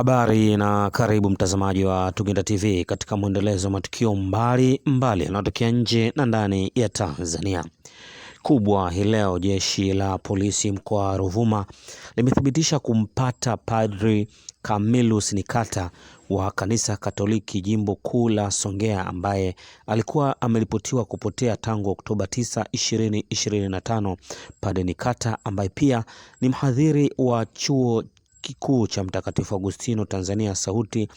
Habari na karibu mtazamaji wa Tugenda TV katika mwendelezo wa matukio mbali mbali yanayotokea nje na ndani ya Tanzania. Kubwa hii leo, jeshi la polisi mkoa wa Ruvuma limethibitisha kumpata Padri Camillus Nikata wa kanisa Katoliki jimbo kuu la Songea ambaye alikuwa ameripotiwa kupotea tangu Oktoba 9, 2025. Padri Nikata ambaye pia ni mhadhiri wa chuo kikuu cha Mtakatifu Agustino Tanzania Sauti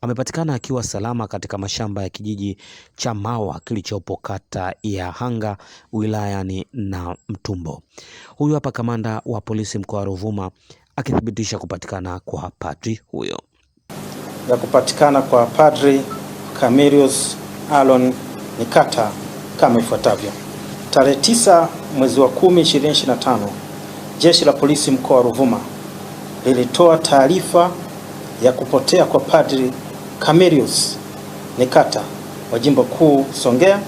amepatikana akiwa salama katika mashamba ya kijiji cha Mawa kilichopo kata ya Hanga wilayani mtumbo Huyu hapa kamanda wa polisi mkoa wa Ruvuma akithibitisha kupatikana kwa padri huyo. Ya kupatikana kwa padri Camillus Alon Nikata kama ifuatavyo: tarehe 9 mwezi wa 10 2025, jeshi la polisi mkoa wa Ruvuma lilitoa taarifa ya kupotea kwa Padri Camillus Nikata wa Jimbo Kuu Songea,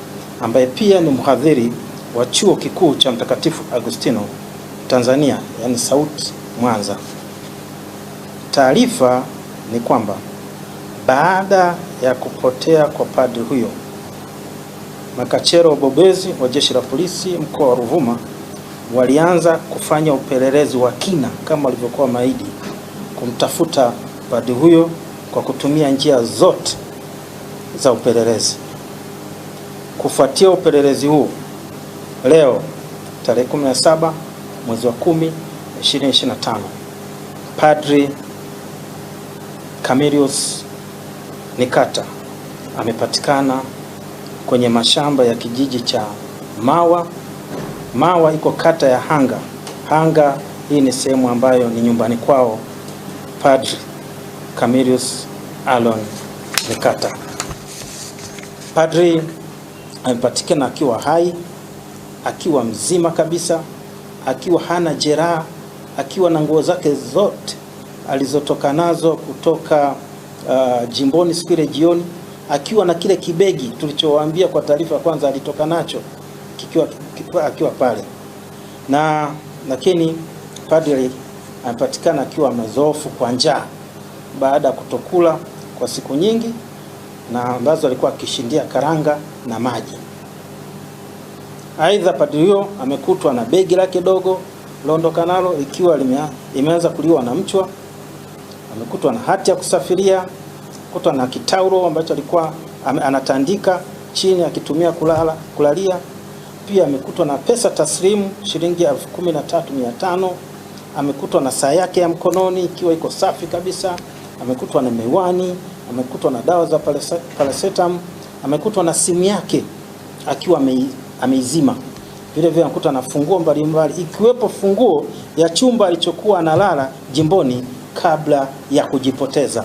ambaye pia ni mhadhiri wa Chuo Kikuu cha Mtakatifu Agustino Tanzania, yani SAUTI Mwanza. Taarifa ni kwamba baada ya kupotea kwa padri huyo, makachero bobezi wa Jeshi la Polisi mkoa wa Ruvuma walianza kufanya upelelezi wa kina kama walivyokuwa maidi kumtafuta padri huyo kwa kutumia njia zote za upelelezi. Kufuatia upelelezi huu, leo tarehe 17 mwezi wa 10 2025, Padri Camillus Nikata amepatikana kwenye mashamba ya kijiji cha Mawa Mawa iko kata ya Hanga. Hanga hii ni sehemu ambayo ni nyumbani kwao Padre Camillus Alon Nikata. Padre amepatikana akiwa hai, akiwa mzima kabisa, akiwa hana jeraha, akiwa na nguo zake zote alizotoka nazo kutoka uh, jimboni siku ile jioni, akiwa na kile kibegi tulichowaambia kwa taarifa kwanza alitoka nacho kikiwa, kikiwa, akiwa pale na lakini padri amepatikana akiwa amezoofu kwa njaa baada ya kutokula kwa siku nyingi na ambazo alikuwa akishindia karanga na maji. Aidha, padri huyo amekutwa na begi lake dogo liliondoka nalo ikiwa limeanza kuliwa na mchwa. Amekutwa na hati ya kusafiria, kutwa na kitauro ambacho alikuwa anatandika chini akitumia kulala, kulalia pia amekutwa na pesa taslimu shilingi elfu kumi na tatu mia tano. Amekutwa na saa yake ya mkononi ikiwa iko safi kabisa. Amekutwa na miwani, amekutwa na dawa za paracetam, amekutwa na simu yake akiwa ameizima. Vile vile amekuta na funguo mbalimbali ikiwepo funguo ya chumba alichokuwa analala jimboni kabla ya kujipoteza.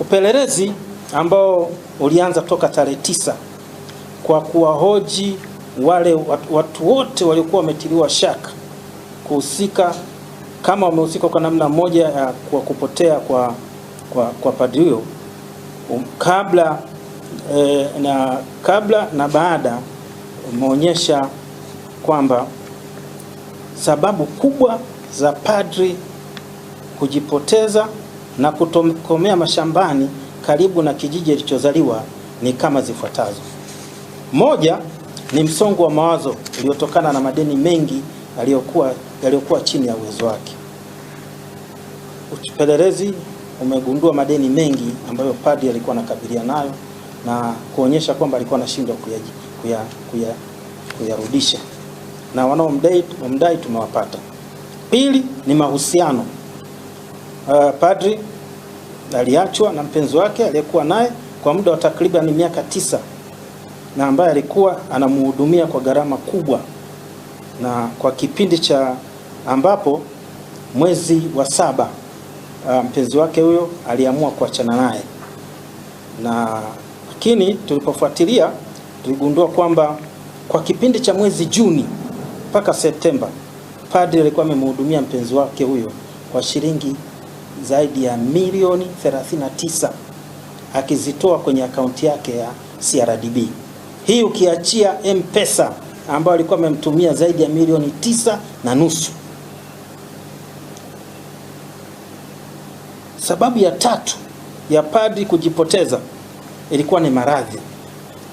Upelelezi ambao ulianza toka tarehe tisa kwa kuwahoji wale watu wote waliokuwa wametiliwa shaka kuhusika kama wamehusika kwa namna moja ya kwa kupotea kwa, kwa, kwa padri huyo um, kabla, e, na, kabla na baada umeonyesha kwamba sababu kubwa za padri kujipoteza na kutokomea mashambani karibu na kijiji alichozaliwa ni kama zifuatazo: moja, ni msongo wa mawazo uliotokana na madeni mengi yaliyokuwa yaliyokuwa chini ya uwezo wake. Upelelezi umegundua madeni mengi ambayo padri alikuwa anakabiliana nayo na kuonyesha kwamba alikuwa anashindwa kuyarudisha kuya, kuya, kuya na wanaomdai tumewapata. Pili ni mahusiano. Uh, padri aliachwa na mpenzi wake aliyekuwa naye kwa muda wa takriban miaka tisa na ambaye alikuwa anamhudumia kwa gharama kubwa, na kwa kipindi cha ambapo mwezi wa saba ah, mpenzi wake huyo aliamua kuachana naye, na lakini tulipofuatilia tuligundua kwamba kwa kipindi cha mwezi Juni mpaka Septemba padri alikuwa amemhudumia mpenzi wake huyo kwa shilingi zaidi ya milioni 39 akizitoa kwenye akaunti yake ya CRDB. Hii ukiachia M-Pesa ambayo alikuwa amemtumia zaidi ya milioni tisa na nusu. Sababu ya tatu ya padri kujipoteza ilikuwa ni maradhi.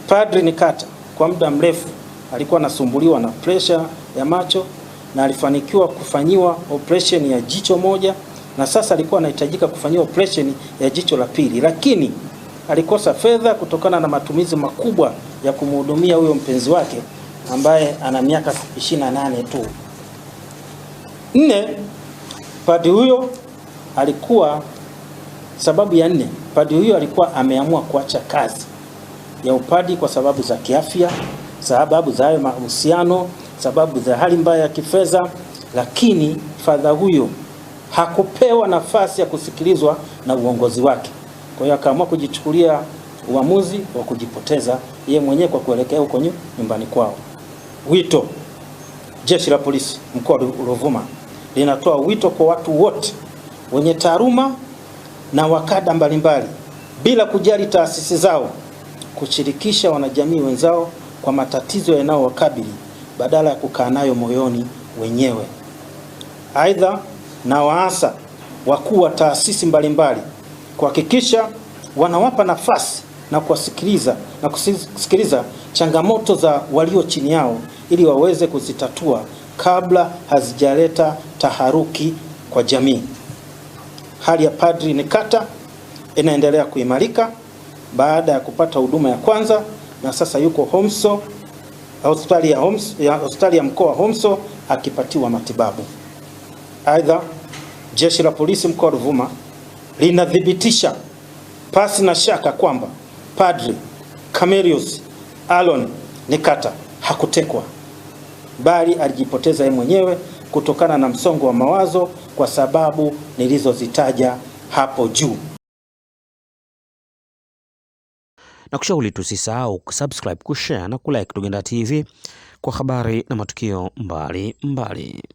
Padri Nikata kwa muda mrefu alikuwa anasumbuliwa na presha ya macho na alifanikiwa kufanyiwa operation ya jicho moja na sasa alikuwa anahitajika kufanyiwa operation ya jicho la pili, lakini alikosa fedha kutokana na matumizi makubwa ya kumhudumia huyo mpenzi wake ambaye ana miaka 28 tu. Nne, padi huyo alikuwa sababu ya nne, padi huyo alikuwa ameamua kuacha kazi ya upadi kwa sababu za kiafya, sababu za hayo mahusiano, sababu za hali mbaya ya kifedha, lakini fadha huyo hakupewa nafasi ya kusikilizwa na uongozi wake. Kwa hiyo akaamua kujichukulia uamuzi wa kujipoteza yeye mwenyewe kwa kuelekea huko nyumbani kwao. Wito, jeshi la polisi mkoa wa Ruvuma linatoa wito kwa watu wote wenye taaruma na wakada mbalimbali bila kujali taasisi zao kushirikisha wanajamii wenzao kwa matatizo yanayowakabili badala ya kukaa nayo moyoni wenyewe. Aidha, na waasa wakuu wa taasisi mbalimbali kuhakikisha wanawapa nafasi na kuwasikiliza na kusikiliza changamoto za walio chini yao ili waweze kuzitatua kabla hazijaleta taharuki kwa jamii. Hali ya padri Nikata inaendelea kuimarika baada ya kupata huduma ya kwanza na sasa yuko Homso hospitali ya, Homs, ya, hospitali ya mkoa Homso akipatiwa matibabu. Aidha, jeshi la polisi mkoa wa Ruvuma linathibitisha pasi na shaka kwamba Padri Camerius Alon Nikata hakutekwa bali alijipoteza yeye mwenyewe kutokana na msongo wa mawazo kwa sababu nilizozitaja hapo juu. Na kushauri tusisahau kusubscribe, kushare na kulike Tugenda TV kwa habari na matukio mbali mbali.